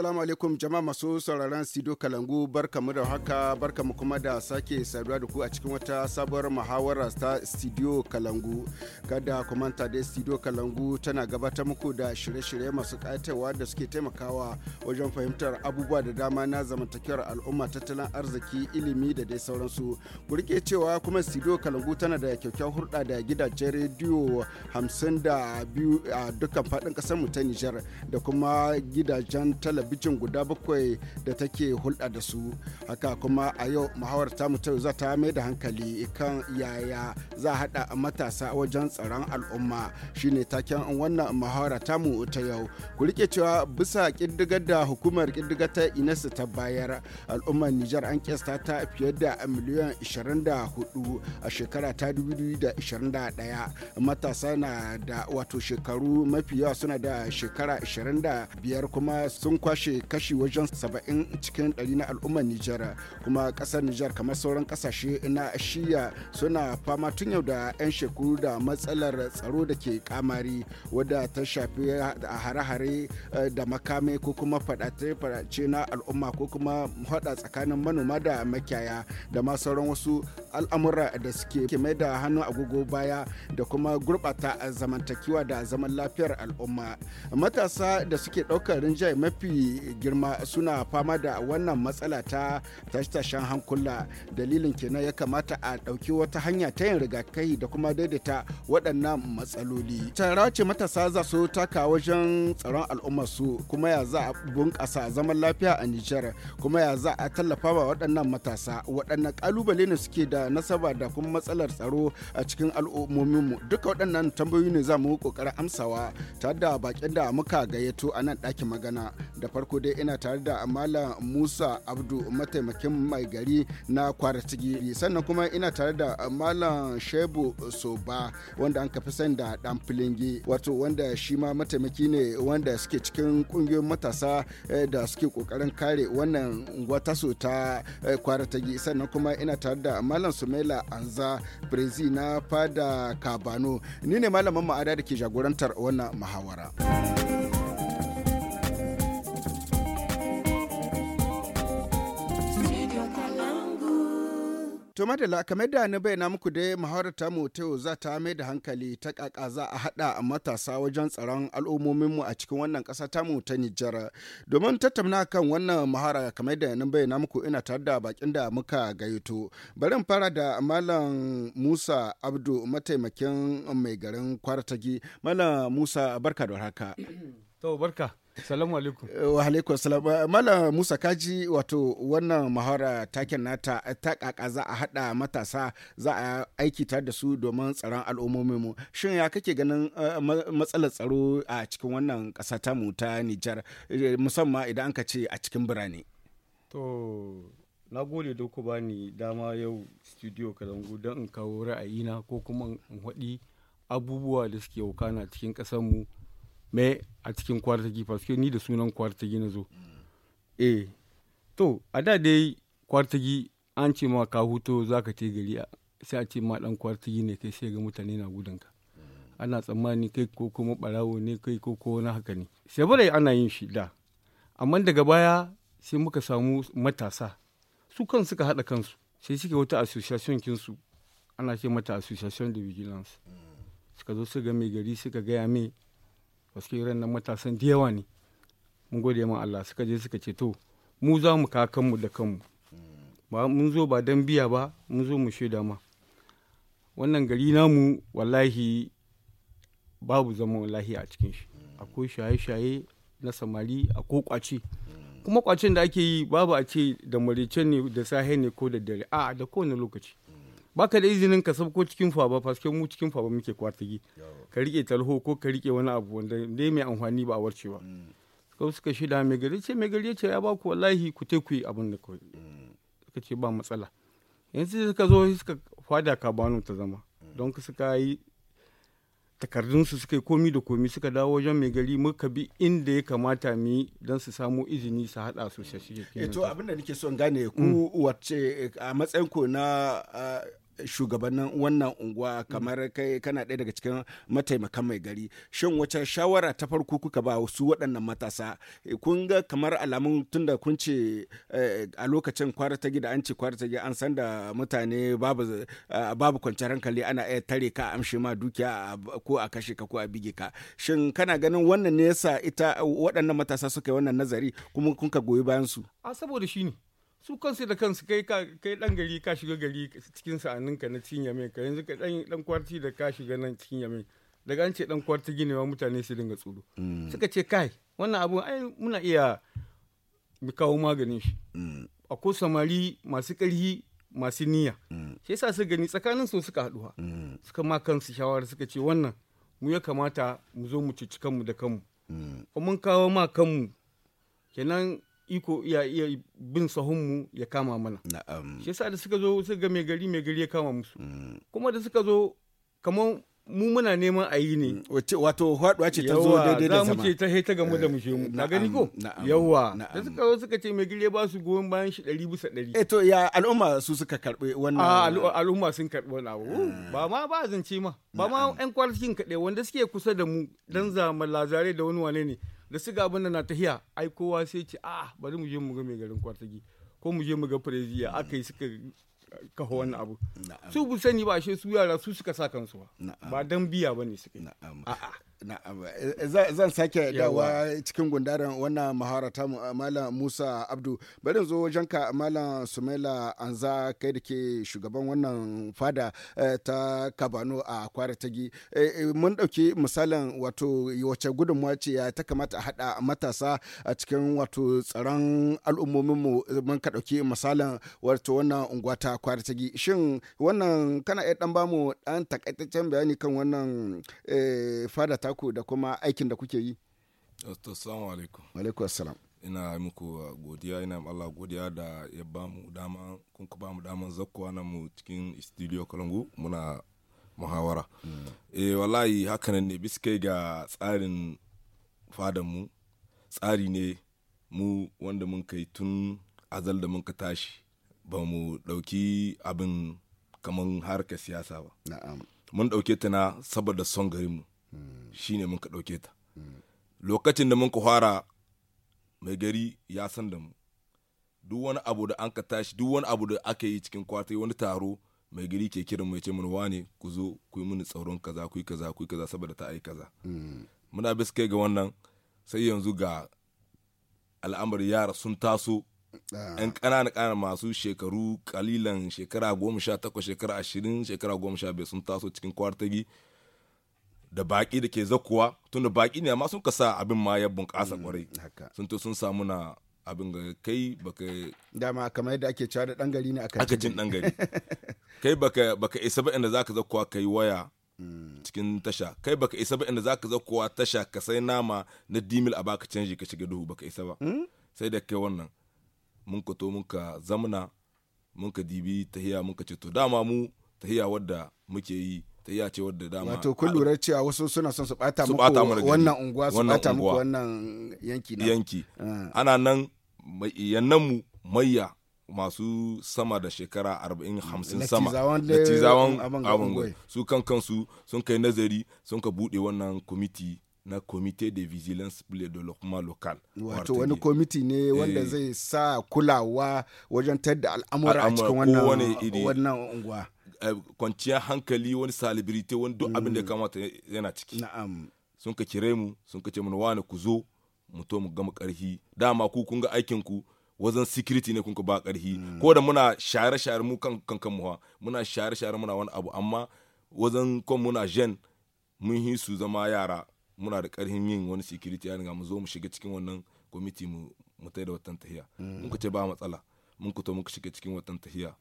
Assalamu alaikum jama'a masu sauraron Sido Kalangu mu da haka mu kuma da sake saduwa da ku a cikin wata sabuwar muhawara ta Studio Kalangu. Kada ku manta da Studio Kalangu tana gabatar muku da shirye-shirye masu ƙayatarwa da suke taimakawa wajen fahimtar abubuwa da dama na zamantakewar al'umma tattalin arziki ilimi da dai sauransu. Ku rike cewa kuma Studio Kalangu tana da kyakkyawar hulɗa da gidajen rediyo hamsin da biyu a dukkan faɗin ƙasar mu ta Nijar da kuma gidajen talabijin bijin guda bakwai da take hulɗa da su haka kuma a yau muhawar tamu ta za ta mai da hankali kan yaya za haɗa matasa wajen tsaron al'umma shine taken wannan ta tamu ta yau ku rike cewa bisa ƙiddigar da hukumar ƙiddigar ta inasu ta bayar al'ummar nijar an kesta ta fiye da miliyan 24 a shekara ta 2021 matasa na da wato shekaru mafi yawa suna da shekara 25 kuma sun kwashe kashi wajen 70 cikin 100 na al'ummar Nijar kuma kasar Nijar kamar sauran kasashe na shiya suna fama tun yau da 'yan shekaru da matsalar tsaro da ke kamari wadda ta shafi a hare-hare eh, da makame ko kuma fadace na al'umma ko kuma haɗa tsakanin manoma da makiyaya da ma sauran wasu al'amura da suke ke mai da hannu agogo baya da kuma gurɓata zamantakewa da zaman lafiyar al'umma matasa da suke ɗaukar rinjaye mafi girma suna fama da wannan matsala ta tashe-tashen hankula dalilin kenan ya kamata a ɗauki wata hanya ta yin rigakafi da kuma daidaita waɗannan matsaloli tara ce matasa za su taka wajen tsaron al'umma su kuma ya za a bunƙasa zaman lafiya a nijar kuma ya za a tallafa wa waɗannan matasa waɗannan ƙalubale ne suke da da nasaba da kuma matsalar tsaro a cikin al'ummominmu duka waɗannan tambayoyi ne za mu ƙoƙarin amsawa tare da bakin da muka gayyato a nan ɗakin magana da farko dai ina tare da malam musa abdu mataimakin mai gari na kwara tigiri sannan kuma ina tare da malam shebu soba wanda an kafi sani da dan filingi wato wanda shi ma mataimaki ne wanda suke cikin kungiyoyin matasa eh, da suke kokarin kare wannan so ta eh, kwara tigiri sannan kuma ina tare da malam malam sumaila anza brezi na fada kabano ni ne malamin ma'ada da ke jagorantar wannan muhawara. To madalla kamar da na bayyana muku dai muhawarar ta yau za ta mai da hankali ta kaka za a hada matasa wajen tsaron al'ummomin mu a cikin wannan kasa ta mu ta Nijar. Domin tattauna kan wannan muhawara kamar da na bayyana muku ina tare da bakin da muka gayyato. Bari in fara da Malam Musa Abdu mataimakin mai garin Kwartagi. Malam Musa barka da haka. To barka. Salamu alaikum. Eh, wa alaikum salam. Eh, Mala Musa Kaji wato wannan mahara taken nata eh, ta kaka za a hada matasa za a aiki tare da su domin tsaron al'ummomin mu. Shin ya kake ganin matsalar tsaro a cikin wannan kasa ta mu ta Nijar musamman idan an ka ce a cikin birane? To na gode da ku bani dama yau studio kalangu don in kawo ra'ayina ko kuma in haɗi abubuwa da suke wakana cikin kasar mu mai a cikin kwartagi paske ni da sunan kwartagi na zo mm. eh to a da dai kwartagi an ce ma ka huto za ka te gari sai a ce ma dan kwartagi ne kai sai ga mutane na ka mm. ana tsammani kai ko kuma barawo ne kai ko ko na haka ne sai bare ana yin shi da amma daga baya sai muka samu matasa su kan suka haɗa kansu sai suke wata association kinsu ana ce mata association de vigilance mm. suka zo su ga mai gari suka gaya mai wasu irin nan matasan da yawa ne mun gode ma Allah suka je suka ce to mu za mu ka kanmu da kanmu ba mun zo ba dan biya ba mun zo mu shaida ma wannan gari namu wallahi babu zama wallahi a cikin shi akwai shaye-shaye na samari a ko kwace kuma kwacen da ake yi babu a ce da maricen ne da sahe ne ko da dare a da kowane lokaci baka da izinin ka sabko cikin faba paske mu cikin ba muke kwartigi ka rike talho ko ka rike wani abu wanda ne mai amfani ba a warcewa mm. ko suka shida mai gari ce mai gari ce ya ba ku wallahi ku te ku abin da kai mm. suka ce ba matsala yanzu suka zo suka fada ka bano ta zama mm. don suka yi su suka yi komi da komi suka dawo wajen mai gari muka bi inda ya kamata mu don su samu izini su haɗa su shashi eh, to abin da nake son gane ku wace eh, a matsayin ku na ah, shugabannin wannan unguwa kamar kai kana ɗaya daga cikin mataimakan mai gari shin wace shawara ta farko kuka ba su waɗannan matasa eh, kun ga kamar alamun tunda kun ce eh, a lokacin kwara ta gida an ce kwara ta gida an san da mutane babu eh, babu kwanciyar hankali ana iya tare ka amshe ma dukiya ko a kashe ka ko a bige ka shin kana ganin wannan ne yasa ita waɗannan matasa suka yi wannan nazari kuma kun ka goyi bayan su a saboda shi ne su kansu da kansu kai kai dan gari ka shiga gari cikin sa'aninka na cikin yamin ka yanzu ka dan dan kwarti da ka shiga nan cikin yamin daga an ce dan kwarti wa mutane su dinga tsoro mm. suka ce kai wannan abu ai muna iya mu kawo maganin shi mm. akwai samari masu ƙarfi masu niyya mm. shi yasa su gani tsakanin su suka haɗuwa suka ma kansu shawara suka ce wannan mu ya kamata mu zo mu cuci kanmu da kanmu mun kawo ma kanmu kenan iko iya iya bin sahunmu ya kama mana shi sa da suka zo suka ga mai gari mai gari ya kama musu mm. kuma da suka zo kamar mu muna neman a yi ne mm, wato haɗuwa ce ta zo daidai da zama ce ta he ta gamu da mu mu na eh, gani ko yawa da suka zo suka ce mai gari ya ba su goyon bayan shi ɗari bisa ɗari eh to ya al'umma su suka karɓi wannan ah, al'umma sun karɓi wannan abu eh. ba ma ba zance ma ba ma yan kwalifikin kaɗai wanda suke kusa da mu dan mm. zama lazare da wani wane ne da su ga abin da na tahiya ai kowa sai ce a ah, bari mu je mu ga mai garin kwartagi ko mu je mu ga fireziya aka yi suka kafa wani abu su bu sani ba shi su yara su suka sa kansu ba ba dan biya bane suka a'a Eh, zan sake dawa cikin gundarin wannan mahara ta malam musa abdu bari zo wajenka malam sumaila anza kai da ke shugaban wannan fada eh, ta kabano a kwara tagi eh, mun dauki misalin wato wace gudunmuwa ce ya ta kamata a hada matasa a cikin wato tsaron al'ummominmu mun ka dauki misalin wato wannan unguwa ta kwara tagi shin wannan kana iya dan bamu dan takaitaccen bayani kan wannan fada ta taku da kuma aikin da kuke yi assalamu alaikum alaikum assalam ina muku uh, godiya ina Allah godiya da ya ba mu dama kun ba mu daman zakkuwa na mu cikin studio Kalangu muna muhawara mm. eh wallahi hakanan ne biskai ga tsarin fadan mu tsari ne mu wanda mun kai tun azal da mun ka tashi ba mu dauki abin kamar harkar siyasa ba na'am mun dauke ta na saboda son garinmu. shine mun ka ɗauke ta lokacin da mun ka fara mai gari ya san da mu duk wani abu da an ka tashi duk wani abu da aka yi cikin kwatai wani taro mai gari ke kiran mai ce mana wane ku zo ku yi mini tsaron kaza ku yi kaza ku yi kaza saboda ta ai kaza muna bisa kai ga wannan sai yanzu ga al'amari yara sun taso ah. yan ƙanana ƙanana masu shekaru kalilan shekara goma sha takwas shekara ashirin shekara goma sha biyar sun taso cikin kwartagi da baki da ke zakuwa tun da baki ne amma sun kasa abin ma ya bunƙasa kwarai mm, sun to sun samu na abin ga kai baka dama kamar yadda ake cewa da dan gari ne aka jin dan gari kai baka baka isa ba inda zaka zakuwa kai waya mm. cikin tasha kai baka isa ba inda zaka zakuwa tasha ka sai nama na dimil a baka canji ka shiga duhu baka isa ba mm? sai da kai wannan mun ka to mun ka zamna mun ka dibi tahiya mun ka ce to dama mu tahiya wadda muke yi ya ce wadda dama wato kun lura cewa wasu suna son su bata muku wannan unguwa su bata muku wannan yanki na yanki ah. ana nan yannan mu mayya masu sama da shekara 40-50 sama da tizawan abin su kan kansu sun kai nazari sun ka bude wannan kwamiti na comité de vigilance pour le développement local wato wani kwamiti ne wanda eh. zai sa kulawa wajen tadda al'amura a cikin wannan unguwa Eh, kwanciyar hankali wani salibirite wani duk abin da ya mm. kamata yana ciki Na'am. sun ka kire mu sun ka ce mana wani ku zo mu to mu gama karhi dama ku kun ga aikin ku wajen security ne kun ka ba karhi mm. ko da muna share share mu kan kan kan muwa muna share share muna wani abu amma wajen ko muna jen mun hi su zama yara muna da karhin yin wani security ya ga mu zo mu shiga cikin wannan committee mu mu tai da watan tahiya mm. mun ka ce ba matsala mun ku to mun shiga cikin watan tahiya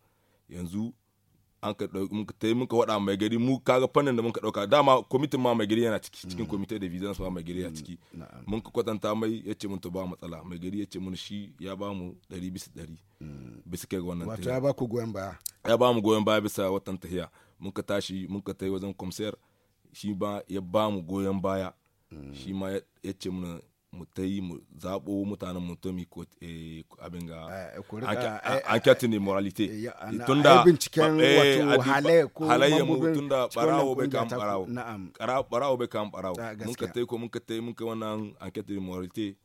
yanzu an ka muka tai muka wada mai gari mu kaga fannin da muka dauka dama kwamitin ma mai gari yana ciki cikin mm. kwamite da vizan ma mai gari ya mm, ciki mun ka kwatanta mai yace mun to ba matsala mai gari yace mun shi ya ba mu 100 bisa 100 mm. bisa kai wannan wato ya ba ku goyen baya ya ba mu goyen baya bisa watan tahiya mun ka tashi mun ka tai wajen komisar shi ba ya ba mu goyen baya shi ma yace mun mu ta yi mu zaɓo mutanen mu to ko eh, abin ga enquete eh, eh, ne moralite tun da binciken wato halayya mu tun da barawo bai kan barawo barawo bai kan barawo ah, mun ka tai ko mun ka tai mun ka wannan enquete ne moralite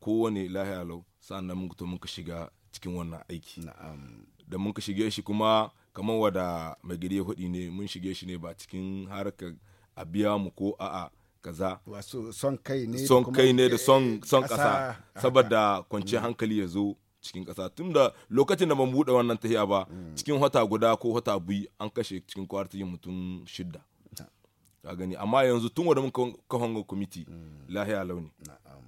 kowane lahiya lau nan mun to mun ka shiga cikin wannan aiki da mun ka shige shi kuma kamar wada mai gari hudi ne mun shige shi ne ba cikin harkar a biya mu ko a'a kaza wasu son kai ne son kai ne da eh, son kasa saboda kwanciyar mm. hankali ya zo cikin kasa da lokacin da ban buɗe wannan tahiya ba mm. cikin wata guda ko wata biyu an kashe cikin yin mutum shidda ka gani amma yanzu tun wadda muka kafan kwamiti mm. lahiya launi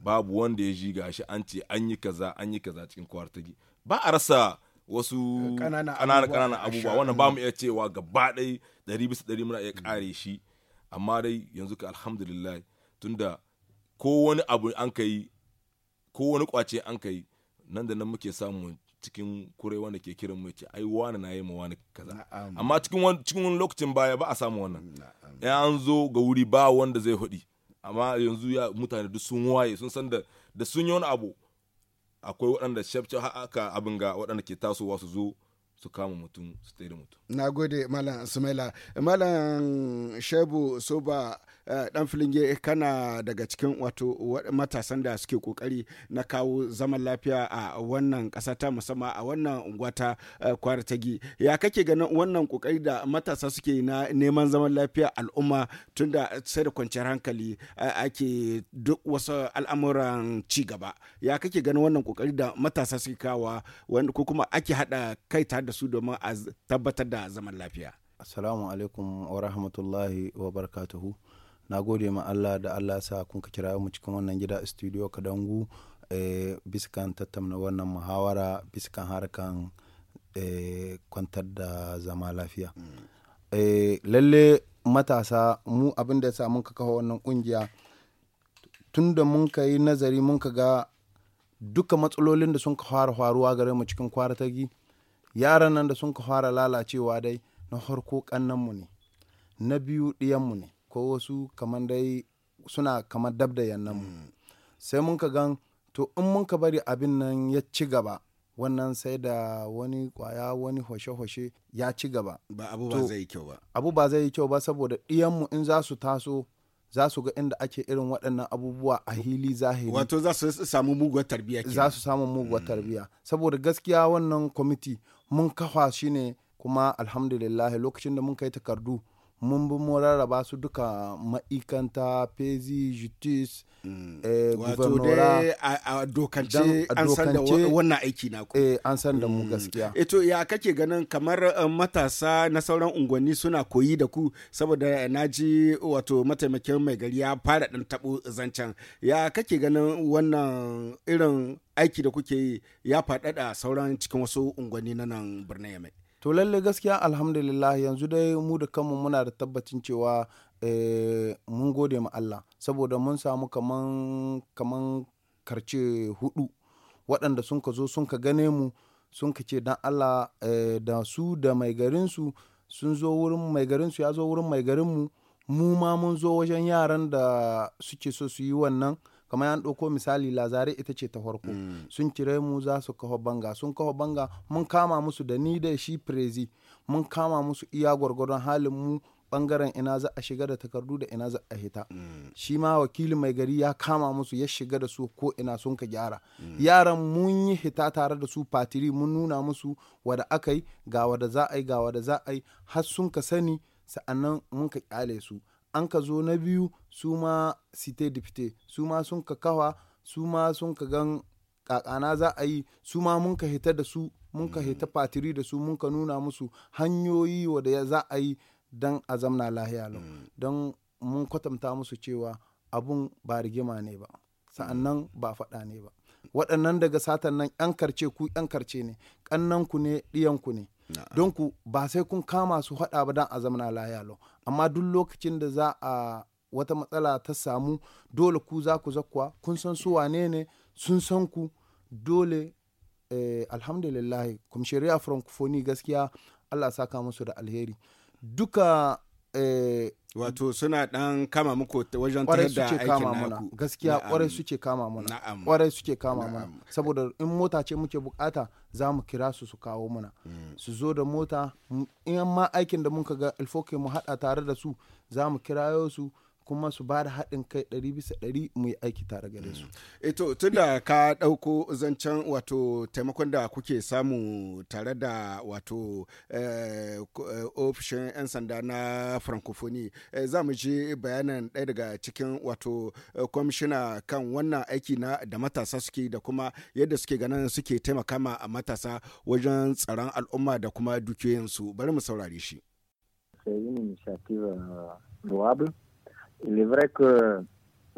babu wanda ya ji gashi an ce an yi kaza an yi kaza cikin yi ba a rasa wasu ƙananan abubuwa wannan ba mu iya cewa gaba ɗai ɗari bisa ɗari muna iya kare shi amma dai yanzu ka alhamdulillah tunda ko wani abu an ka yi ko wani kwace an ka yi nan da nan muke samu cikin kure wanda ke kiran mu ce ai wani na yi ma wani kaza amma cikin cikin wani lokacin baya ba a samu wannan ya an zo ga wuri ba wanda zai hudi amma yanzu ya mutane duk sun waye sun san da da sun yi wani abu akwai waɗanda shafce haka abin ga waɗanda ke tasowa su zo su kama mutum su da mutum na gode malam sumaila malam shebu soba eh, dan filinge kana daga cikin wato matasan da suke kokari na kawo zaman lafiya a wannan kasa ta musamman a wannan unguwa ta eh, kwaratagi ya kake ganin wannan kokari da matasa suke na neman zaman lafiya al'umma tunda sai da kwanciyar hankali eh, ake duk wasu al'amuran ci gaba ya kake ganin wannan kokari da matasa suke kawa ko kuma ake hada kai tare da su domin a tabbatar da da zaman lafiya assalamu alaikum wa rahmatullahi wa barakatuhu na gode ma Allah da Allah sa kun ka kira mu cikin wannan gida studio Kadangu eh, biskan tattauna wannan muhawara biskan harkan eh, kwantar da zama lafiya mm. eh, lalle matasa mu abin da ya sa mun ka kawo wannan kungiya tun da mun ka yi nazari mun ka ga duka matsalolin da sun ka fara faruwa gare mu cikin kwaratagi yaran nan da sun ka fara lalacewa dai na harko kannanmu ne na biyu ɗiyanmu ne ko wasu kamar dai suna kamar dab da yannanmu mm. sai mun ka gan to in mun ka bari abin nan ya ci gaba wannan sai da wani kwaya wani hoshe-hoshe ya ci gaba ba abu ba zai yi kyau ba abu ba zai yi kyau ba saboda ɗiyanmu in za su taso za su ga inda ake irin waɗannan abubuwa a hili zahiri wato za su samu muguwar tarbiyya za su samu muguwar mm. tarbiyya saboda gaskiya wannan kwamiti mun kafa shi ne kuma alhamdulillah lokacin da mun kai takardu mun bi mun rarraba su duka ma'ikanta pezi justice mm. eh, wato dai a dokance an san da wannan aiki na ku eh, an san da mu mm. gaskiya mm. Eh, eto ya kake ganin kamar eh, matasa na sauran unguwanni suna koyi da ku saboda na ji wato mataimakin mai gari ya fara dan tabo zancen ya kake ganin wannan irin aiki da kuke yi ya faɗaɗa sauran cikin wasu unguwanni na nan birnin yamai to lalle gaskiya alhamdulillah yanzu dai mu da kanmu muna da tabbacin cewa eh, mun gode ma Allah saboda mun samu kaman kaman karce hudu waɗanda sun ka zo sun ka gane mu sun ka ce dan Allah eh, da su da mai garinsu sun zo wurin mai garinsu ya zo wurin mai garinmu mu ma mun zo wajen yaran da suke so su yi wannan kamar an ɗauko misali lazare ita ce ta farko mm. sun cire mu za su kafa banga sun kafa banga mun kama musu da ni da shi prezi mun kama musu iya gwargwadon halin mu bangaren ina za a shiga da takardu da ina za a hita mm. shi ma wakilin mai gari ya kama musu ya shiga da su ko ina sun ka gyara mm. yaran mun yi hita tare da su patiri mun nuna musu wada aka yi ga wada za a yi ga wada za a yi har sun ka sani sa'annan mun ka kyale su an ka zo na biyu su ma site da fite su ma sun ka kawa su ma sun ka gan kakana za a yi su ma mun ka hita da su mun ka hita fatiri da su mun ka nuna musu hanyoyi wadda za a yi don a zamna lahiya lau mm. don mun kwatanta musu cewa abun ba rigima ne ba sa'annan mm. ba faɗa ne ba waɗannan daga satan nan yan karce ku yan karce ne ƙannan ku ne ɗiyan ku ne don ku ba sai kun kama su hada ba dan a zamana lau amma duk lokacin da za a wata matsala ta samu dole ku za ku zakuwa kun san su wane ne sun san ku dole eh, alhamdulillah kuma shari'a francophonie gaskiya allah saka musu da alheri duka Eh, wato suna dan kama muku wajen tare da aikin naku gaskiya kwarai suke kama muna kwarai suke kama muna saboda in mota ce muke bukata za mu kira su su kawo muna mm. su zo da mota in ma aikin da muka ga alfoke mu hada tare da su za mu kirayo su kuma su ba da haɗin kai ɗari bisa ɗari mu yi aiki tare gare su. Eto eh tunda ka ɗauko zancen wato taimakon da kuke samu tare da wato eh, eh, ofishin 'yan sanda na francophonie za mu ji bayanan ɗaya daga cikin wato kwamishina kan wannan aiki na da matasa suke da kuma yadda suke ganin suke taimaka ma matasa wajen tsaron al'umma da kuma dukiyoyinsu bari mu saurare shi. Il est vrai que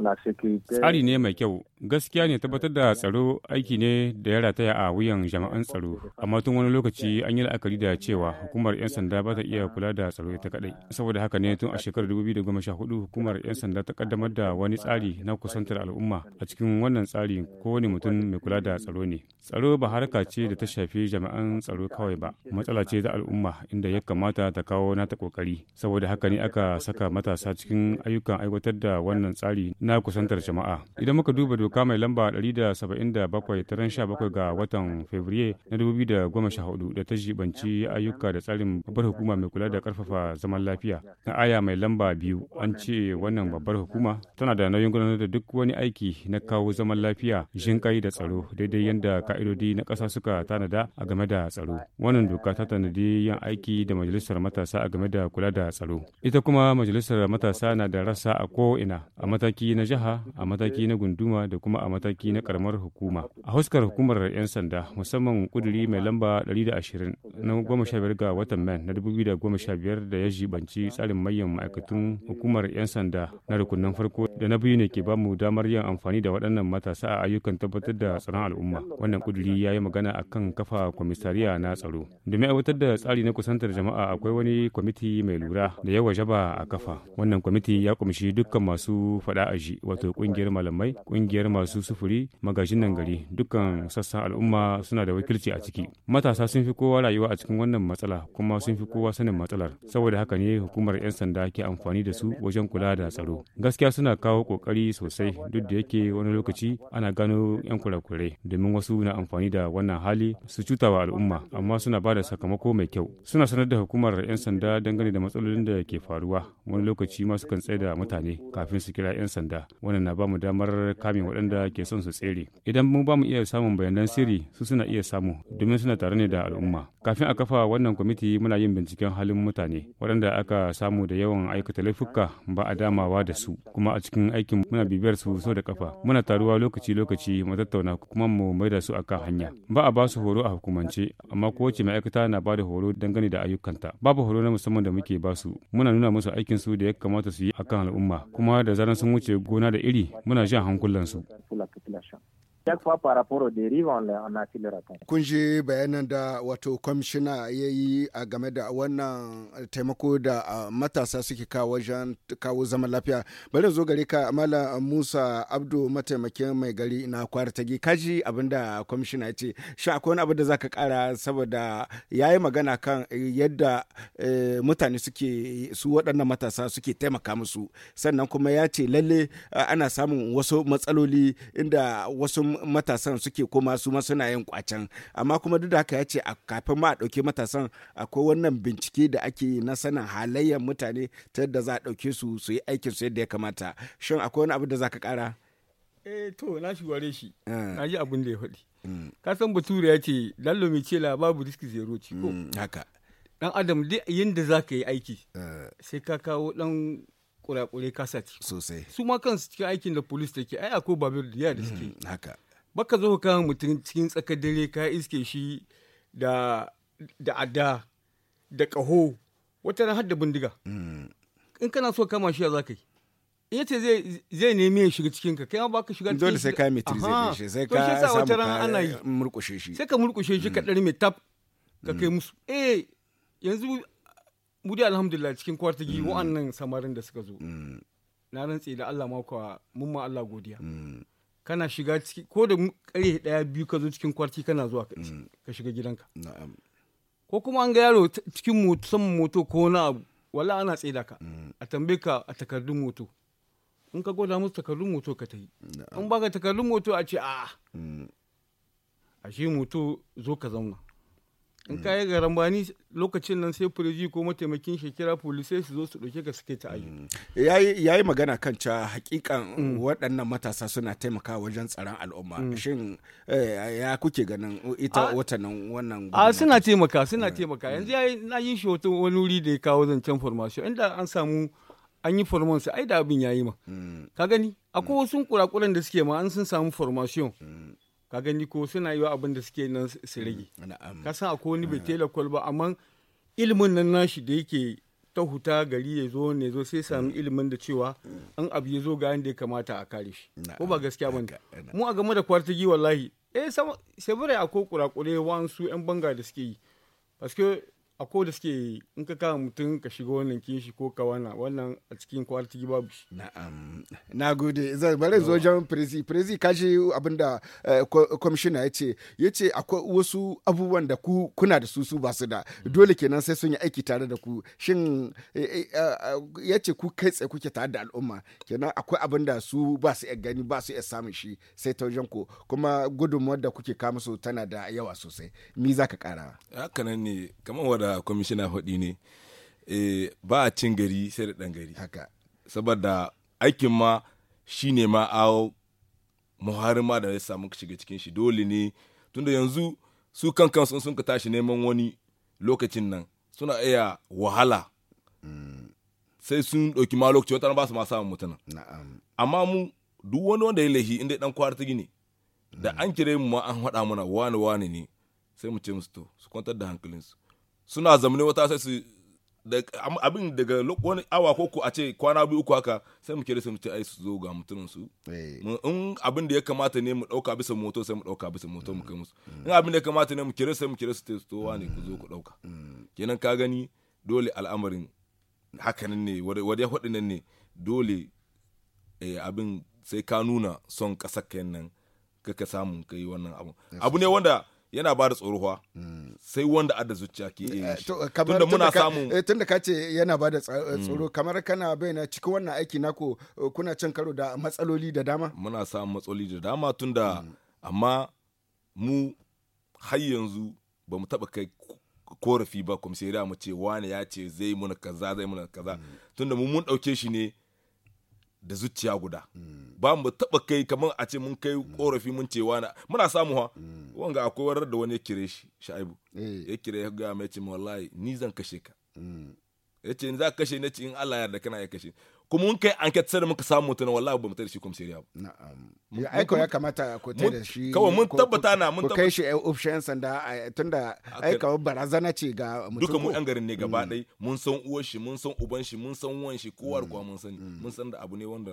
la sécurité. Tsari ne mai kyau, Gaskiya ne tabbatar da tsaro aiki ne da ya rataya a wuyan jama'an tsaro, amma tun wani lokaci an yi la'akari da cewa hukumar 'yan sanda ba ta iya kula da tsaro ita kadai. Saboda haka ne tun a shekarar hudu hukumar 'yan sanda ta kaddamar da wani tsari na kusantar al'umma. A cikin wannan tsari kowane mutum mai kula da tsaro ne. Tsaro ba harka ce da ta shafi jami'an tsaro kawai ba, matsala ce ta al'umma inda ya kamata ta kawo nata kokari. Saboda haka ne aka saka matasa cikin ayyukan aiwatar da wannan tsari na kusantar jama'a. Idan muka duba doka mai lamba 177 taron 17 ga watan Fabriye na 2014 da ta jibanci ayyuka da tsarin babbar hukuma mai kula da karfafa zaman lafiya na aya mai lamba biyu an ce wannan babbar hukuma tana da nauyin gudanar da duk wani aiki na kawo zaman lafiya kai da tsaro daidai yadda ka'idodi na ƙasa suka tanada a game da tsaro wannan doka ta tanadi yin aiki da majalisar matasa a game da kula da tsaro ita kuma majalisar matasa na da rasa a ko'ina a mataki na jiha a mataki na gunduma da da kuma a mataki na karamar hukuma a huskar hukumar 'yan sanda musamman kuduri mai lamba 120 na 15 ga watan man na 2015 da ya jibanci tsarin manyan ma'aikatun hukumar 'yan sanda na rukunin farko da na biyu ne ke bamu damar yin amfani da waɗannan matasa a ayyukan tabbatar da tsaron al'umma wannan kuduri ya yi magana kan kafa kwamisariya na tsaro domin aiwatar da tsari na kusantar jama'a akwai wani kwamiti mai lura da yawa jaba a kafa wannan kwamiti ya kumshi dukkan masu faɗa aji wato ƙungiyar malamai ƙungiyar masu sufuri magajin nan gari dukkan sassan al'umma suna da wakilci a ciki matasa sun fi kowa rayuwa a cikin wannan matsala kuma sun fi kowa sanin matsalar saboda haka ne hukumar 'yan sanda ke amfani da su wajen kula da tsaro gaskiya suna kawo kokari sosai duk da yake wani lokaci ana gano 'yan kurakure domin wasu na amfani da wannan hali su cutawa al'umma amma suna ba da sakamako mai kyau suna sanar da hukumar 'yan sanda dangane da matsalolin da ke faruwa wani lokaci ma sukan tsaye mutane kafin su kira 'yan sanda wannan na ba mu damar kame waɗanda ke son su tsere idan mu ba mu iya samun bayanan sirri su suna iya samu domin suna tare ne da al'umma kafin a kafa wannan kwamiti muna yin binciken halin mutane waɗanda aka samu da yawan aikata laifuka ba a damawa da su kuma a cikin aikin muna bibiyar su so da kafa muna taruwa lokaci lokaci mu tattauna kuma mu mai da su akan hanya ba a ba su horo a hukumance amma kowace ma'aikata na ba da horo dangane da ayyukanta babu horo na musamman da muke ba su muna nuna musu aikin su da ya kamata su yi akan al'umma kuma da zaran sun wuce gona da iri muna jan hankulan la población. chaque fois par rapport aux dérives on, on kun ji bayanan da wato kwamishina ya yi a game da wannan taimako da matasa suke kawo wajen kawo zaman lafiya bari zo gare ka mala musa abdu mataimakin mai gari na kwara tagi kaji abinda kwamishina ya ce shi akwai wani abu da zaka kara saboda ya yi magana kan eh, yadda eh, mutane suke su waɗannan matasa suke taimaka musu sannan kuma ya ce lalle ana samun wasu matsaloli inda wasu matasan suke koma su ma suna yin kwacen amma kuma duk da haka ya ce a kafin ma a ɗauke matasan akwai wannan bincike da ake yi na sanin halayyar mutane ta yadda za a ɗauke su su yi aikin su yadda ya kamata shin akwai wani abu da za ka ƙara eh to na shi ware ah. shi na ji abin da ya faɗi mm. ka san bature ya ce lallo mai ce la babu riski zero ci ko mm, haka dan adam duk yadda za ka yi aiki ah. sai ka kawo dan kurakure kasa ci sosai su ma kansu cikin aikin da police take ai akwai babir da ya da mm, suke haka baka zo ka mutum cikin tsakar dare ka iske shi da da adda da ƙaho wata ran har da bindiga mm. in kana so kama shi a za ka yi in yace zai zai nemi ya shiga cikin ka kai ma baka shiga cikin dole sai ka mitri shi sai ka samu ka murkushe shi sai ka murkushe shi ka dare mm. mai tap ka kai mm. musu eh yanzu mu dai alhamdulillah cikin kwartigi wa'annan samarin da suka zo na rantse da Allah maka mun ma Allah godiya kana shiga ciki ko da ƙarfe ɗaya biyu ka zo cikin kwarti kana zuwa ka mm. shiga gidanka ko kuma an ga yaro cikin san moto ko na abu wala ana tsaida ka mm. a tambaye ka a takardun moto in ka gwada musu takardun moto ka ta yi in baka takardun moto a ce a mm. ashe moto zo ka zauna in ka yi garambani lokacin nan sai fureji ko mataimakin shekira kira su zo su ɗauke ka suke ta ayi. Mm. ya yi magana kan ca hakikan waɗannan matasa suna taimakawa wajen tsaron al'umma mm. shin eh, ya kuke ganin ita watanin wannan a suna taimaka suna mm. taimaka yanzu ya yi na yi shi wata wani wuri da ya kawo zancen formation inda an samu an yi formation ai da abin ya yi ma ka gani akwai wasu kurakuran da suke ma an sun samu formation ka gani ko suna yi abin da suke nan su mm, rage ka san akwai wani bai mm. tela kwalba amma ilimin nan nashi da yake ta huta gari ya zo ne zo sai sami mm. ilimin da cewa an abu ya zo ga yadda ya kamata a kare shi ko ba gaskiya ba mu a game da kwartigi wallahi eh sai bare akwai kurakure su yan banga da suke yi paske a ko da suke in ka kama mutum ka shiga wannan kishi ko ka wannan wannan a cikin kwarti babu shi na'am na gode bari zo jan prezi prezi ka ji abin da eh, kwamishina ya ce ya ce akwai wasu abubuwan da ku kuna da su su ba su da mm. dole kenan sai sun yi aiki tare da ku shin eh, eh, ya ce ku kai tsaye kuke tare da al'umma kenan akwai abin da su ba su iya gani ba su iya samun shi sai ta wajen ku kuma gudunmuwar da kuke kama su tana da yawa sosai mi za ka kara hakanan ne kamar da kwamishina faɗi ne eh, ba a cin gari sai da dan gari haka saboda aikin ma shi ne ma a muharin ma da ya samu shiga cikin shi dole ne tunda yanzu su kankan sun sun ka tashi neman wani lokacin nan suna iya wahala mm. sai sun ɗauki ma lokaci wata ba su ma samun mutuna amma mu duk wani wanda ya lahi inda dan kwarta gini da mm. an kire mu ma an haɗa mana wani wani ne sai mu ce musu to su kwantar da hankalinsu suna zamani wata sai su abin daga wani awa ko a ce kwana biyu uku haka sai mu kira su mu ce ai su zo ga mutumin su eh. in abin da ya kamata ne mu dauka bisa moto sai mu dauka bisa moto mu kai mm. musu in abin da ya kamata ne mu kira sai mu kira su su towa ne ku zo ku dauka mm. mm. kenan ka gani dole al'amarin hakanan ne wadai hudu nan ne dole eh, abin sai ka nuna son kasar nan ka samu kai wannan abu abu ne wanda yana ba da tsoruwa hmm. sai wanda adda zuciya ke iya eh, shi tunda muna samun eh, tunda ka ce yana ba da hmm. tsoro kamar kana bayyana cikin wannan aiki nako eh, kuna cin karo da matsaloli da dama muna samun matsaloli da dama tunda hmm. amma mu har yanzu ba mu taba kai korafi ba kuma sai mu ce wani ya ce zai muna kaza zai muna kaza tunda mu mun dauke shi ne da zuciya guda mm. ba mu taba kai kamar a ce mun kai korafi mm. mun ce wani muna samu ha mm. wanga akwai warar da wani ya kire shi sha'ibu eh. ya kire ya ga mai ce wallahi ni zan kashe ka ya ce za ka kashe ne ce in Allah yarda kana ya kashe kuma mun kai enquête sai da muka samu mutane wallahi ba mu tare shi kuma komisariya ba na'am ya aiko ya kamata ku tare da shi kawai mun tabbata na mun tabbata kai shi option sanda tunda aika barazana ce ga mutum duka mu yan garin ne gaba dai mm. mun san uwar shi mun san uban shi mun san uwan shi kowar mm. kuwa mun sani mm. mun san da abu ne wanda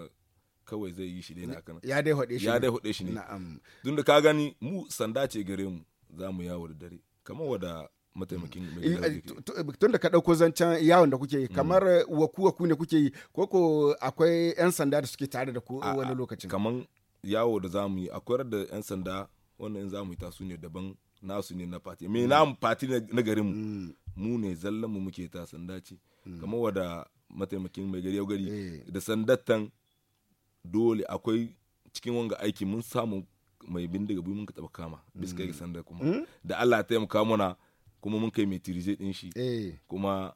kawai zai yi shi dai na kana ya dai hode shi ya dai hode shi ne na'am tunda ka gani mu sanda ce gare mu za mu yawo da dare kamar wada mataimakin eh, eh, eh, tun da ka ɗauko zancen yawon da kuke yi mm. kamar waku waku ne kuke yi ko ko akwai 'yan sanda da suke tare da ku wani lokacin kamar yawo da zamu yi akwai da 'yan sanda wannan in zamu yi tasu ne daban nasu ne na fati me mm. na fati na garinmu mm. mu ne zallan mu muke ta sanda ce kamar wada mataimakin mai gari gari da sandattan dole akwai cikin wanga aiki mun samu mai bindiga bi mun ka taba kama bisa sanda kuma da Allah ya taimaka mana kuma mun kai metirize din shi eh. kuma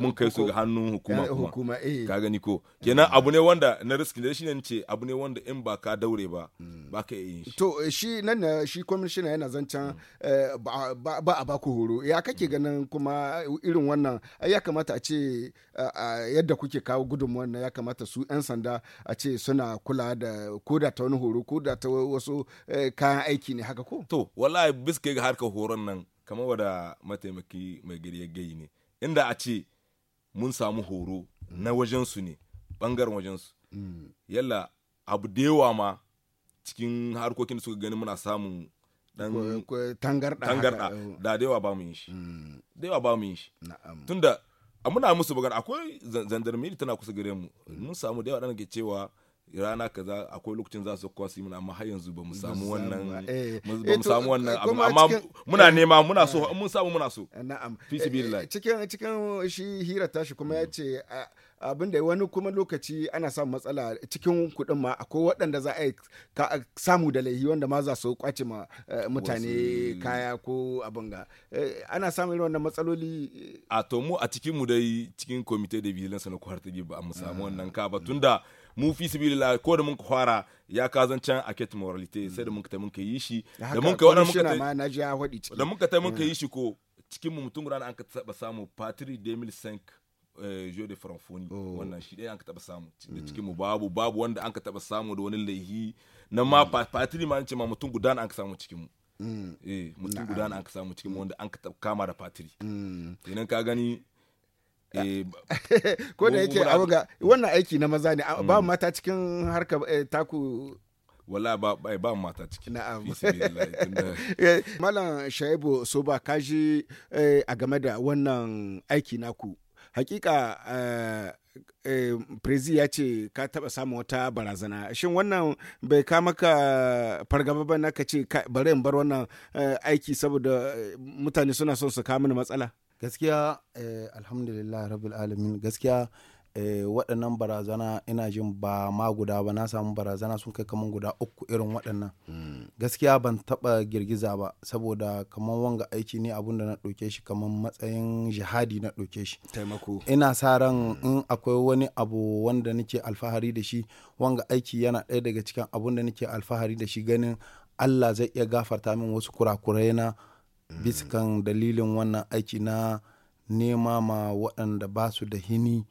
mun kai su ga hannun hukuma eh, kuma eh. ka gani ko kenan abu ne wanda na riski da shi ne ce abu ne wanda in ba ka daure ba hmm. ba ka yi shi to shi nan na shi commissioner yana zancan hmm. ba a baku horo ya kake hmm. ganin kuma irin wannan ya kamata a ce yadda kuke kawo gudunmuwan na ya kamata su yan sanda a ce suna kula da ko da ta wani horo ko da ta wasu kayan aiki ne haka ko to wallahi biske ga harkar horon nan kamar wada mataimaki mai gari ya gayi ne inda a ce mun samu horo na wajensu ne bangaren wajensu yalla abu da yawa ma cikin harkokin da suka gani muna samun dan tangarda da da yawa ba mu yin shi mm. da yawa ba mu yin shi tunda muna musu bagar akwai zandarmeri tana kusa gare mu mun samu da yawa dan ke cewa rana kaza akwai lokacin za su kwasi su mana amma har yanzu ba mu samu wannan ba eh. mu eh, samu wannan amma muna eh. nema muna so mun samu muna so na'am cikin cikin shi hira tashi kuma ya mm. ce abin da wani kuma lokaci ana samun matsala cikin kuɗin ma akwai waɗanda za a samu da laihi wanda ma za su kwace ma mutane kaya ko abin ga ana samun irin wannan matsaloli a to mu a cikin mu dai cikin komite da bilansa na kwarta ba mu samu ah, wannan ka ba mm. tunda mu fi sabilillah ko da mun ka fara ya ka a ket moralite sai da mun ka mun ka yi shi da mun ka wannan mun ka da mun ka ta mun ka eh. yi shi ko cikin mu mutum guda an ka taba samu Patrick Demil 5 eh, Jeu de Francophonie oh. wannan shi dai an ka taba samu da mm. cikin mu babu babu wanda an ka taba samu da wani laihi na ma mm. Patrick ma ce ma mutum guda an ka samu cikin mu mm. eh mutum guda an ka samu cikin mu wanda an ka kama da Patrick kenan ka gani Eh, eh, ko da yake abu ga wannan aiki na maza ne ba mm. mata cikin harka eh, taku wala ba ba mata ciki na'am malam shaibu soba kaji a game da wannan aiki naku hakika prezi ya ce ka taba samun wata barazana shin wannan bai kama ka fargaba ba na ka ce bari in bar wannan aiki saboda mutane suna son su kama matsala gaskiya eh, alhamdulillah rabbil alamin gaskiya eh, waɗannan barazana ina jin ba ma guda ba na samu barazana sun kai kaman guda uku irin waɗannan mm. gaskiya ban taɓa girgiza ba saboda kamar wanga aiki ne abun na ɗauke shi kaman matsayin jihadi na ɗauke shi taimako ina sa ran hmm. in akwai wani abu wanda nake alfahari da shi wanga aiki yana ɗaya daga cikin abunda da nake alfahari da shi ganin Allah zai iya gafarta min wasu kurakurai na bisa dalilin wannan aiki na nema ma waɗanda ba su da hini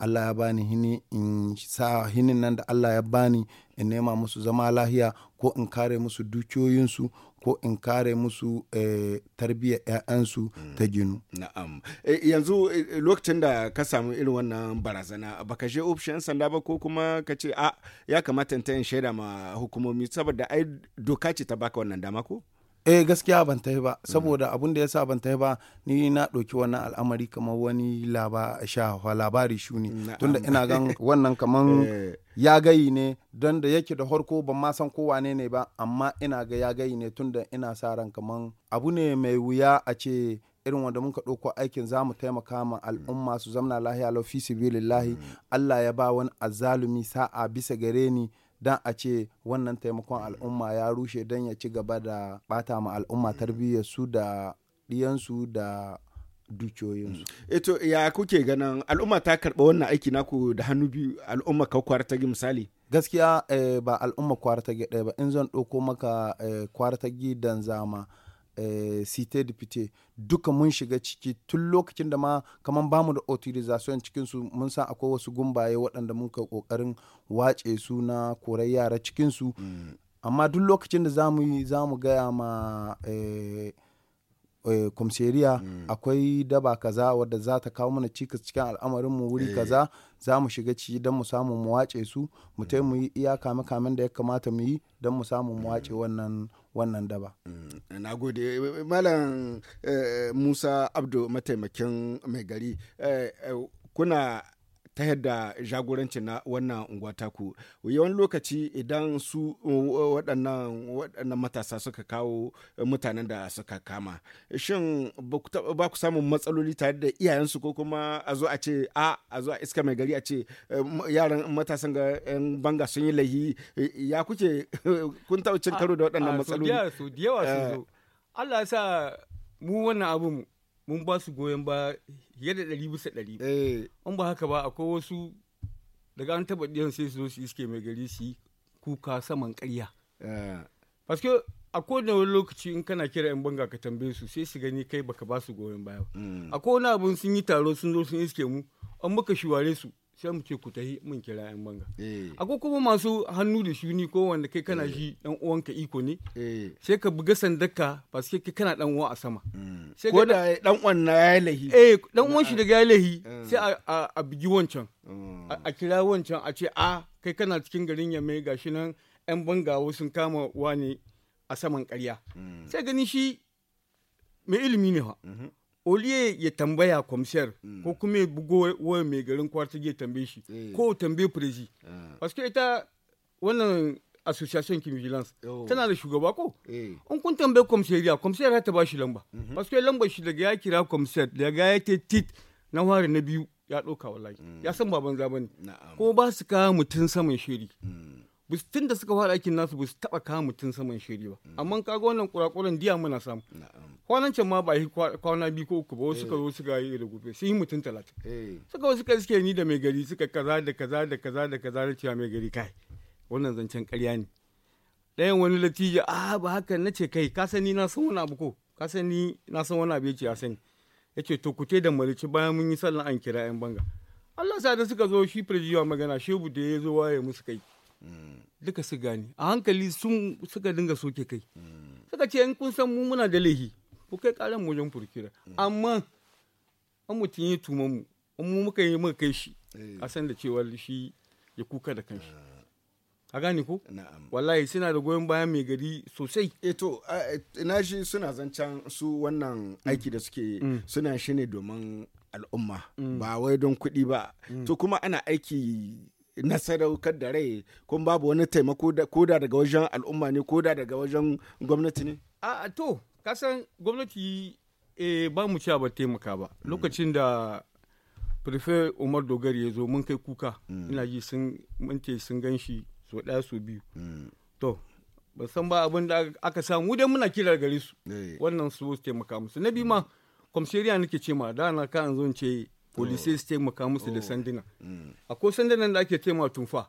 Allah ya bani hini in sa hinin nan da Allah ya bani in nema musu zama lahiya ko in kare musu dukiyoyinsu ko in kare musu tarbiyya eh, tarbiyyar 'ya'yansu ta mm. ginu. Na'am. Eh, yanzu eh, lokacin da ka samu irin wannan barazana ka je ofishin sanda ba ko kuma ka ce a ya kamata in shaida ma hukumomi saboda ai doka ce ta baka wannan dama ko? eh gaskiya ban tafi ba mm. saboda abun da yasa ban tafi ba ni na ɗauki wannan al'amari kamar wani labari shafa labari shuni tunda ina gan wannan kamar eh. ya gayi ne don da yake da harko ban ma san kowa ne ba amma ina ga ya gayi ne tunda ina sa ran kamar. abu ne mai wuya a ce irin wanda muka ɗauko aikin za mu taimaka ma mm. al'umma su zamna lahiya lafi fi lahi mm. Allah ya ba wani azalumi sa'a bisa gare ni dan a ce wannan taimakon al'umma ya rushe dan ya ci gaba da bata ma al'umma tarbiyyar su da diyansu da dukiyoyinsu. Mm. Eto eh ya kuke ganin al'umma ta karɓa wannan aiki naku da hannu biyu al'umma ka gi misali. Gaskiya eh, ba al'umma ta ɗaya ba in zan ɗauko maka eh, gi dan zama. site eh, député duka mun shiga ciki tun lokacin da ma kamar bamu da authorization cikin su mun san akwai wasu gumbaye waɗanda mun ka kokarin wace su na korai yara cikin su mm. amma duk lokacin da zamu yi zamu gaya ma eh, eh, kumseriya mm. akwai daba kaza wadda za ta kawo mana cikas cikin al'amarin mu wuri kaza zamu shiga ciki don mu samu mu wace su mu tai mu yi iya kame kamen da ya kamata mu yi don mu samu mu wace mm. wannan wannan daba. Mm, na gode malam eh, musa abdu mataimakin mai gari eh, eh, kuna ta yadda jagoranci na wannan unguwa yawan lokaci idan su uh, waɗannan matasa suka kawo mutanen da suka kama shin ba ku samun matsaloli tare da iyayensu ko kuma a zo a ce a a zo a iska mai gari a ce um, yaran matasan ga yan banga sun yi lahi ya kuke kun taɓa cin karo da waɗannan matsaloli eh. Allah ya sa mu wannan abu mu. mun ba su goyon ba fiye da ɗari bisa ɗari an eh. ba haka ba akwai wasu daga an taɓa ɗiyan sai su zo su iske mai gari su yi kuka saman ƙarya eh. paske a kowane wani lokaci in kana kira yan banga ka tambaye su sai su gani kai baka ba su goyon baya a mm. kowane abun sun yi taro sun zo sun iske mu an muka shiware su sai mu ce ku tahi mun kira yan banga eh. akwai kuma masu hannu da shuni ko wanda kai kana shi eh. dan uwanka iko ne eh. sai ka buga sandarka ba sai kai kana dan uwa a sama mm. ko da dan uwan na ya lahi eh dan uwan shi daga ya lahi sai a bugi wancan mm. a kira wancan a ce a kai kana cikin garin ga gashi nan yan banga sun kama wani a saman karya mm. sai gani shi mai ilimi ne fa mm-hmm. oliye ya tambaya kwamshiyar ko hmm. kuma ya bugo waya mai garin kwarta ya tambaye shi eh. ko tambaye firiji eh. paske ita wannan association kim vigilance tana da shugaba ko eh. in kun tambaye ya kwamshiyar ya taba shi lamba mhm. paske lambar shi daga ya kira kwamshiyar daga ya ta tit na wari na biyu ya ɗauka wallahi hmm. ya san baban zaba ko ba su kawo mutum saman shiri hmm. tun da suka fara aikin nasu ba su taba kawo mutum saman shiri ba mm. amma kaga wannan kurakuran diya muna samu kwanan can ma ba yi kwana biyu ko uku ba wasu ka eh. zo suka yi da gobe sun yi mutum talatin eh. suka wasu ka suke ni da mai gari suka kaza da kaza da kaza da kaza da cewa mai gari kai wannan zancen karya ne ɗayan wani latija a ba haka na ce kai ka sani na san wani abu ko ka sani na san wani abu ya ce ya sani ya ce to ku te da malici bayan mun yi sallan an kira yan banga Allah sa da suka zo shi firjiwa magana shebu da ya zo waye musu kai duka su gani a hankali sun suka dinga soke kai suka ce in kun san mu muna da laihi ku kai karan mu wajen furkira amma an mutum yi tuman mu mu muka yi muka kai shi eh. a san da cewa shi ya kuka da kanshi ah. a gane ko wallahi suna da goyon bayan mai gari sosai e to shi suna zancen su wannan mm. aiki da suke mm. suna shi ne domin al'umma mm. ba wai don kuɗi ba to kuma ana aiki na sadaukar da rai kun babu wani taimako ko da daga wajen al'umma ne ko da daga wajen gwamnati ne a to kasan gwamnati e, ba mu cewa ba taimaka ba mm. lokacin da prefe umar dogari ya zo mun kai kuka mm. ina ji sun ce sun gan shi so ɗaya so biyu mm. to ba san ba abin da aka samu dai muna kira gare su eh. wannan su taimaka musu na bi ma kwamshiriya nake ce ma da na zo ce polisai su taimaka musu da oh. sanduna mm. ko sandanan da ake taima tumfa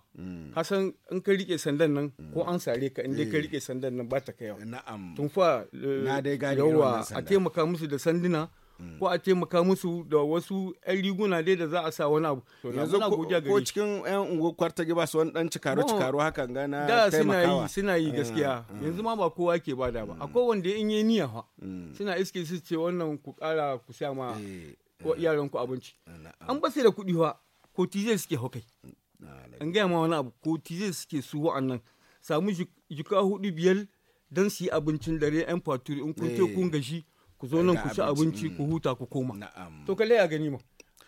hasan mm. in ka rike sandan nan mm. ko an sare ka in dai ka eh. rike sandan nan ba ta kai na'am tumfa eh, yawa a taimaka musu da sanduna ko a taimaka musu da wasu 'yan riguna dai da za a sa wani abu yanzu ko cikin 'yan unguwar kwarta ba su wani dan cikaro cikaro haka gana da suna yi suna yi gaskiya eh, yanzu ma ba kowa ke bada ba akwai wanda in yi niyya fa suna iske su ce wannan ku kara ku sha ma wa yaranku abinci an ba sai da kuɗi fa ko tizai suke hokai an gaya ma wani abu ko tizai suke su wa'annan samu jika hudu biyar don su yi abincin dare yan faturi in kun eh. kun gashi ku zo nan ku ci abinci ku mm. huta ku koma to kalle a gani ma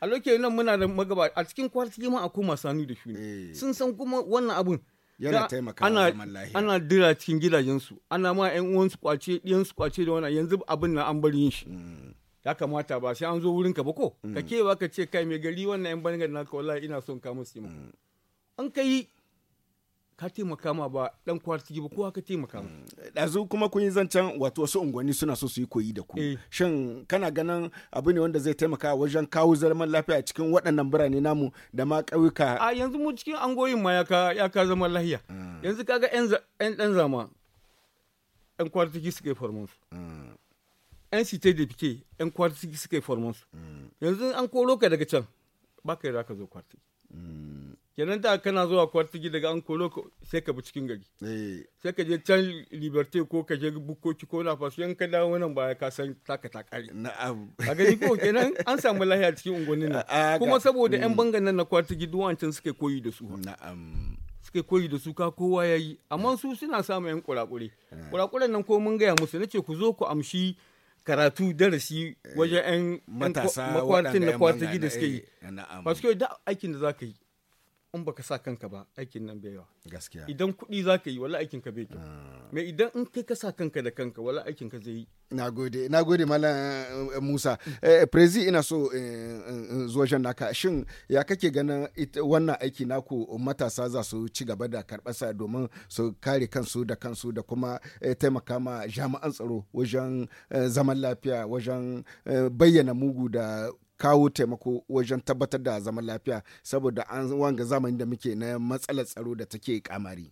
a lokacin nan muna da magaba a cikin kwarti ma a koma sanu da shuni eh. sun san kuma wannan abun yana taimaka zaman ana dira cikin gidajensu ana ma yan uwansu kwace su kwace da wannan yanzu abin na an bari yin shi mm. ya kamata ba sai an zo wurin ka ba ko ka mm. ke ba ka ce kai mai gari wannan yan bangar ka wallahi ina son ka sima an mm. kai ka taimaka ma ba dan kwarti ba kowa ka taimaka ma dazu mm. kuma kun yi zancen wato wasu unguwanni suna so su yi koyi da ku eh. shin kana ganin abu ne wanda zai taimaka wajen kawo zaman lafiya a cikin waɗannan birane namu da ma ƙauyuka a yanzu mu cikin angoyin ma ya ka ya ka zama lafiya yanzu kaga yan dan zama yan kwartiki suka yi 'yan site da fike 'yan kwarti suke formon su mm. yanzu an koro ka daga can ba ka yi ka zo kwarti mm. kenan da kana zuwa kwarti daga an koro ka sai ka bi cikin gari eh. sai ka je can liberté ko ka je bukoki ko na fasu yan ka dawo nan baya ka san taka ta kare a gani ko kenan an samu lahiya cikin unguwannin nan kuma saboda 'yan mm. bangan nan na kwarti wancan suke koyi da su suke koyi da su ka kowa ya yi amma su suna samun yan kurakure kurakuren eh. nan ko mun gaya musu nace ku zo ku amshi karatu darasi eh, wajen 'yan matasa na kwata gida suke yi. Paske eh, da aikin da za ka yi in baka sa kanka ba aikin nan bai yawa gaskiya idan kuɗi za ka yi wala aikin ka bai kyau ah. mai idan in kai ka sa kanka da kanka wala aikin ka zai yi nagode nagode malam eh, eh, Musa eh, prezi ina so zuwa jan naka shin ya kake ganin wannan aiki naku matasa za su ci gaba da karɓarsa domin su kare kansu da kansu da kuma taimaka ma jami'an tsaro wajen zaman lafiya wajen bayyana mugu da kawo taimako wajen tabbatar da zaman lafiya saboda an wanga zamani da muke na matsalar tsaro da take kamari.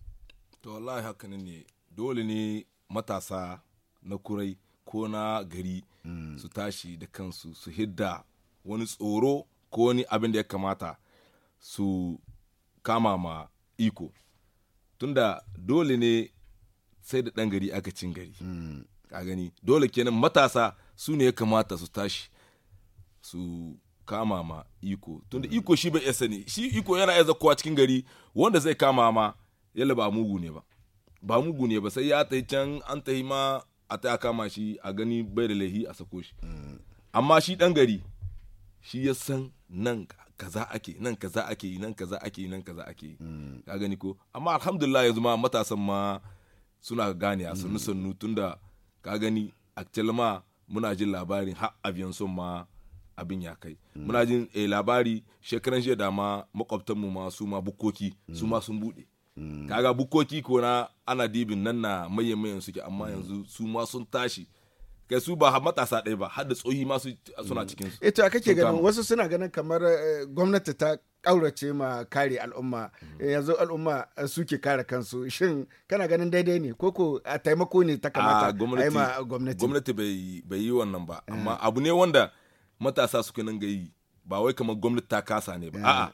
To wallahi haka ne dole ne matasa na kurai ko na gari mm. su tashi da kansu su hidda wani tsoro ko wani abin da ya kamata su kama ma iko tunda dole ne sai da ɗan gari aka cin gari mm. ka gani dole kenan matasa su ne ya kamata su tashi su kama ma iko tunda mm. iko shi bai sani shi iko yana iya kowa cikin gari wanda zai kama ma yalla ba mugu ne ba ba mugu ne ba sai ya ta can an ta ma a ta kama shi a gani bai da lahi a sako shi mm. amma shi dan gari shi ya san nan kaza ake nan kaza ake nan kaza ake nan kaza ake yi mm. ka gani ko amma alhamdulillah yanzu ma matasan ma suna gane a sannu sannu tunda ka gani a ma muna jin labarin har biyan son ma abin ya kai mm. muna jin eh, labari shekaran jiya dama makwabtan mu ma su ma bukkoki mm. su ma sun buɗe mm. kaga bukkoki ko na ana dibin nan na mayan mayan suke amma yanzu su ma sun tashi kai su ba matasa ɗaya ba har da tsohi ma suna cikin su. Ito eh, kake ganin wasu suna ganin kamar eh, gwamnati ta kaurace ma kare al'umma eh, yanzu al'umma suke kare kansu shin kana ganin daidai ne ko ko a taimako ne ta kamata ah, a yi gwamnati. Gwamnati bai yi wannan ba amma abu ne wanda matasa suka nan gayi ba wai kamar gwamnati ta kasa ne ba eh. a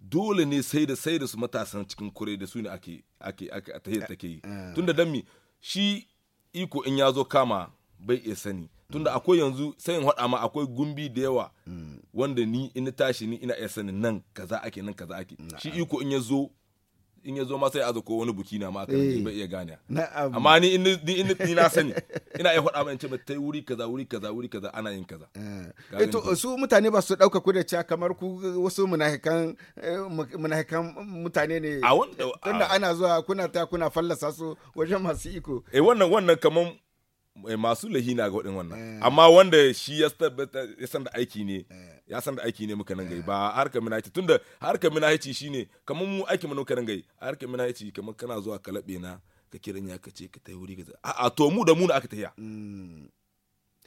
dole ne sai da sai da su matasan cikin kure da su ne ake ake ake a hiyar take yi eh. tunda dan mi shi iko in ya zo kama bai iya sani tunda mm. akwai yanzu sai in haɗa ma akwai gumbi da yawa mm. wanda ni in tashi ni ina iya sanin nan kaza ake nan kaza ake shi iko in ya zo in ya zo ma sai aza ko wani buki na ma kan eh. bai iya gane amma ni in ni na sani ina iya faɗa in ce ta yi wuri kaza wuri kaza wuri kaza ana yin kaza eh, eh to su mutane ba su dauka ku da cewa kamar ku wasu munafikan eh, munafikan mutane ne a wanda ana zuwa kuna ta kuna fallasa su wajen masu iko eh wannan wannan kaman Eh, masu lahi na ga waɗin wannan eh. amma wanda shi ya san da aiki ne eh. ya san da aiki ne muka nan gai ba harkar haici tunda harkar minahici shine kamar mu aiki mu muka nan gai harkar haici kamar kana zuwa kalabe na ka kiran ya ka ce ka tai wuri ka a to mu da muna na aka taya mm.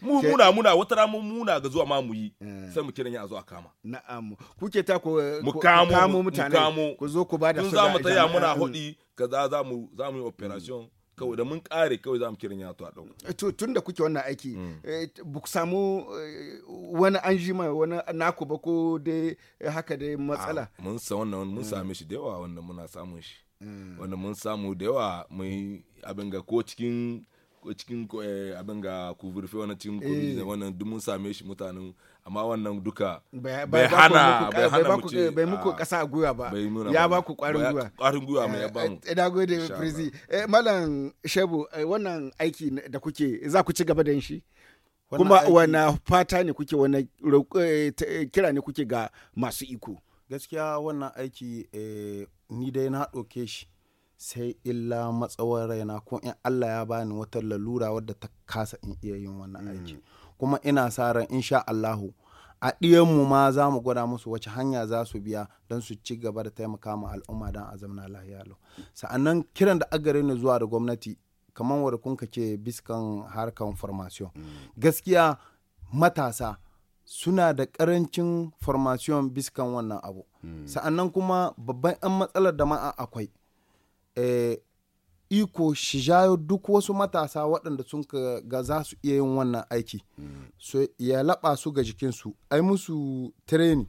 mu muna muna wata rana muna ga zuwa ma mu yi sai mu kiran ya zuwa kama na'am kuke ta ko mu kamo mutane ku zo ku ba da su za mu taya muna hodi kaza za mu za mu yi operation kawai da mun kare kawai za mu kirin ya to a dauka eh, to tun da kuke wannan aiki mm. eh, ba ku samu eh, wani an ji mai wani naku ba ko dai haka dai matsala ah, mun sa wannan mun mm. same shi da yawa wannan muna samun shi mm. wannan mun samu da yawa mai abin ga ko cikin cikin eh, abin ga kuvurfe wannan cikin communism eh. wannan duk same shi mutanen amma wannan duka bai hana bai hana mu ce bai muku kasa guya ba ya ba ku kwarin gwiwa kwarin guya mai ya eh, ba mu ina gode prezi malam shebu wannan aiki da kuke za ku ci gaba da shi kuma wana fata ne kuke wani kira ne kuke ga masu iko gaskiya wannan aiki ni dai na doke shi sai illa matsawar raina ko in Allah ya bani wata lalura wadda ta kasa in iya yin wannan aiki mm. kuma ina sa ran insha Allahu a mu ma za mu gwada musu wace hanya za su biya don su ci gaba da taimaka ma al'umma don a zamna lahiya lau sa'annan kiran da aka agare ni zuwa da gwamnati kamar wadda kun ce biskan harkan formation mm. gaskiya matasa suna da karancin formation biskan wannan abu mm. sa'annan kuma babban 'yan matsalar da ma'a akwai Eh, iko shi jayo duk wasu matasa waɗanda sun ga za su iya yin wannan aiki so ya laɓa su ga jikinsu ai musu tireni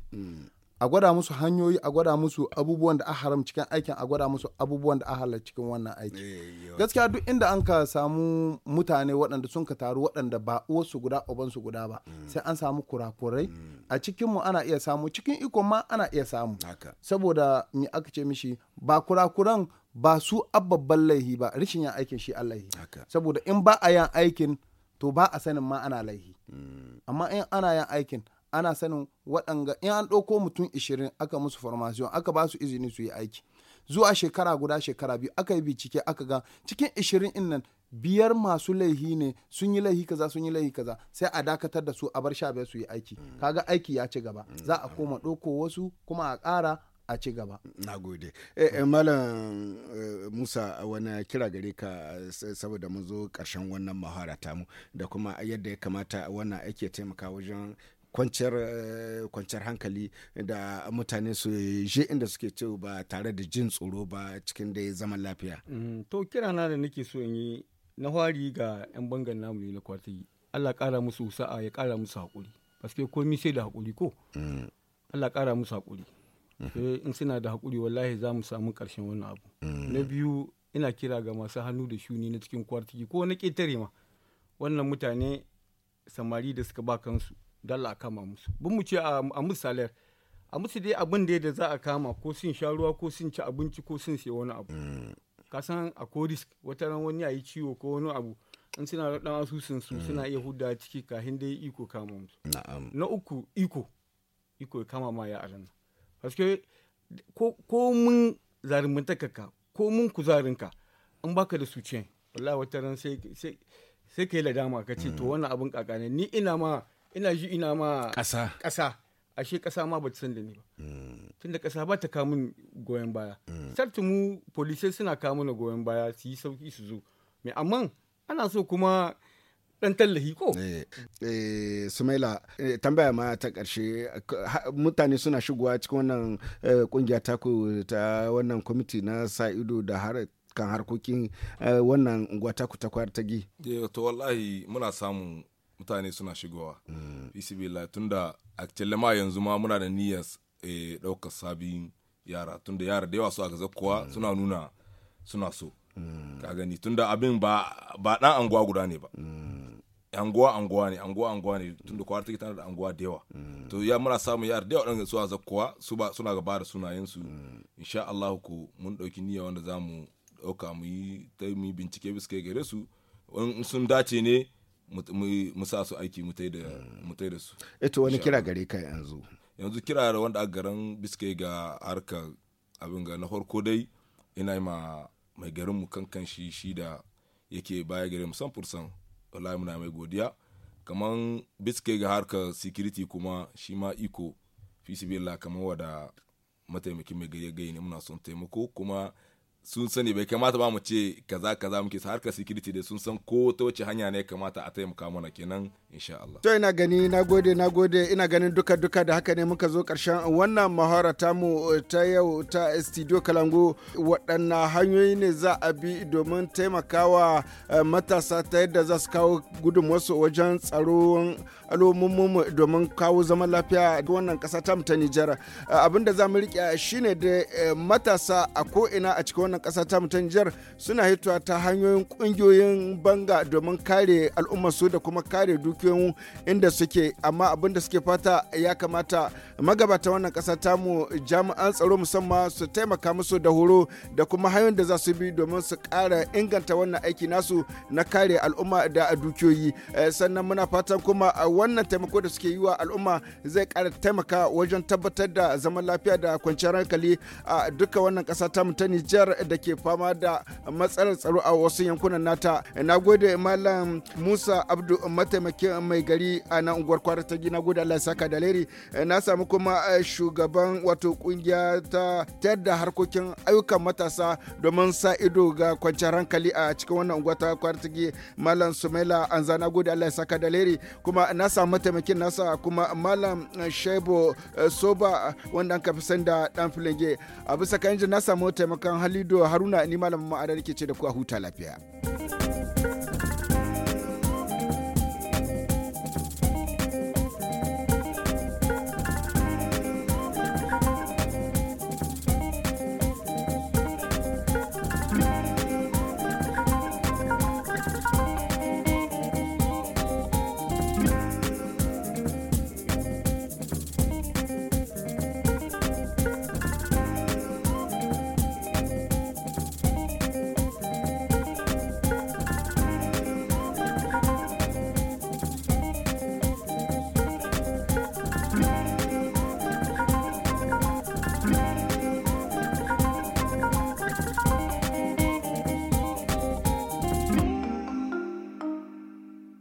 a gwada musu hanyoyi a gwada musu abubuwan da a haram cikin aikin a gwada musu abubuwan da a halar cikin wannan aiki eh, eh, gaskiya duk inda an ka samu mutane waɗanda sun ka taru waɗanda ba uwarsu guda ubansu guda ba mm. sai an samu kurakurai mm. a cikinmu ana iya samu cikin iko ma ana iya samu saboda me aka ce mishi ba kurakuran ba su ababban laihi ba rishin yin aikin shi allahi saboda in ba a yin aikin to ba a sanin ma ana laihi mm. amma in ana yin aikin ana sanin waɗanga in an ɗauko mutum ishirin aka musu formation aka ba su izini su yi aiki zuwa shekara guda shekara biyu aka yi bincike aka ga cikin ishirin in nan biyar masu laihi ne sun yi laihi kaza sun yi laihi kaza sai a dakatar da su a bar sha biyar su yi aiki mm. kaga aiki ya ci gaba mm. za a koma ɗauko wasu kuma a ƙara a ci gaba. Na gode. Eh, eh Malam eh, Musa wani kira gare ka eh, saboda mun zo ƙarshen wannan mahara tamu da kuma yadda ya kamata wannan ake taimaka wajen kwanciyar hankali da mutane su je inda suke ce ba tare da jin tsoro ba cikin da zaman lafiya. Mm, to kira na da nake so yi na hwari ga 'yan bangan namu ne na kwatayi. Allah ƙara musu sa'a ya ƙara musu haƙuri. Paske komi sai da haƙuri ko? Mm. Allah ƙara musu haƙuri. Eh, in suna da haƙuri wallahi za mu samu ƙarshen wannan abu mm. na biyu ina kira ga masu hannu da shuni na cikin kwartiki ko na ƙetare ma wannan mutane samari da suka ba kansu dalla a kama musu bin mu ce a musalar a musu dai abin da za a kama ko sun sha ruwa ko sun ci abinci ko sun sai wani abu mm. ka san a ko risk wata ran wani yayi ciwo ko wani abu in suna da dan asusun su mm. suna iya huda ciki kahin dai iko kama musu na uku iko iko ya kama ma ya aran parce ko mun ka ko mun kuzarinka an baka da suciyan wallahi wata ran sai sai kai ladama ka ce to mm. wannan abun kaka ne ni ina ma ina ji ina ma ƙasa kasa ashe kasa ma bata san da ni ba mm. tunda kasa ba ta kamun goyon baya mm. sarti mu police suna kamun goyon baya su yi sauki su zo mai amma ana so kuma dan tallahi ko eh, eh sumaila eh, tambaya ma ta karshe mutane suna shigowa cikin wannan kungiya eh, ta ta wannan kwamiti na sa ido da har kan harkokin wannan unguwa ta ku ta kwar ta gi to wallahi muna samun mutane suna shigowa mm. bismillah tunda a ma yanzu ma muna da niyyar daukar sabin yara tunda yara da yawa su aka zakkowa mm. suna nuna suna so ka gani tunda abin ba ba dan anguwa guda ne ba anguwa anguwa ne anguwa anguwa ne tunda kwara take tana da anguwa da yawa to ya mura samun yar da yawa dan su zakkuwa su ba suna gaba da sunayen su insha Allah ku mun dauki niyya wanda zamu dauka mu yi ta mu bincike biske gare su in sun dace ne mu sa su aiki mu tai da su eto eh wani kira gare ka yanzu yanzu kira da wanda a garin biske ga harka abin ga na farko dai ina ma mai garin mu kankan shi shi da yake baya gare mu sanfursan wallahi muna mai godiya kaman biske ga harka security kuma shi ma iko fi kamar wada mataimakin mai gaye gaye ne muna son taimako kuma sun sani bai kamata ba mu ce kaza kaza muke harkar security da sun san ko ta wace hanya ne kamata a taimaka mana kenan insha Allah. To ina gani nagode nagode ina ganin duka duka da haka ne muka zo karshen wannan mahara ta mu eh, ta yau ta studio Kalango waɗanna hanyoyi ne za a bi domin taimakawa eh, matasa ta yadda za su kawo gudunmuwarsu wajen tsaron al'ummomin domin kawo zaman lafiya wannan ƙasa ta mu ta Nijar. Eh, abin da za mu riƙe shine da matasa a ko ina a cikin wannan ƙasa ta mutan jihar suna hitowa ta hanyoyin kungiyoyin banga domin kare al'ummarsu da kuma kare dukiyoyin inda suke amma abin da suke fata ya kamata magabata wannan ƙasa mu jami'an tsaro musamman su taimaka musu da horo da kuma hanyoyin da za su bi domin su ƙara inganta wannan aiki nasu na kare al'umma da dukiyoyi eh, sannan muna fatan kuma wannan taimako da suke yi wa al'umma zai kara taimaka wajen tabbatar da zaman lafiya da kwanciyar hankali a duka wannan ƙasa ta ta jihar da ke fama da matsalar tsaro a wasu yankunan nata na gode malam musa abdu mataimaki mai gari a nan unguwar kwara ta gina gode allah saka da leri na samu kuma eh, shugaban wato kungiya ta tayar da harkokin ayyukan matasa domin sa ido ga kwanciyar hankali a cikin wannan unguwa ta kwara ta malam sumaila anza na gode allah saka da leri kuma na samu mataimakin nasa kuma malam eh, shaibo eh, soba wanda an kafi sanda dan filinge a bisa kan na samu taimakon halidu Haruna ni malamin ma'adar ke ce da ku a huta lafiya.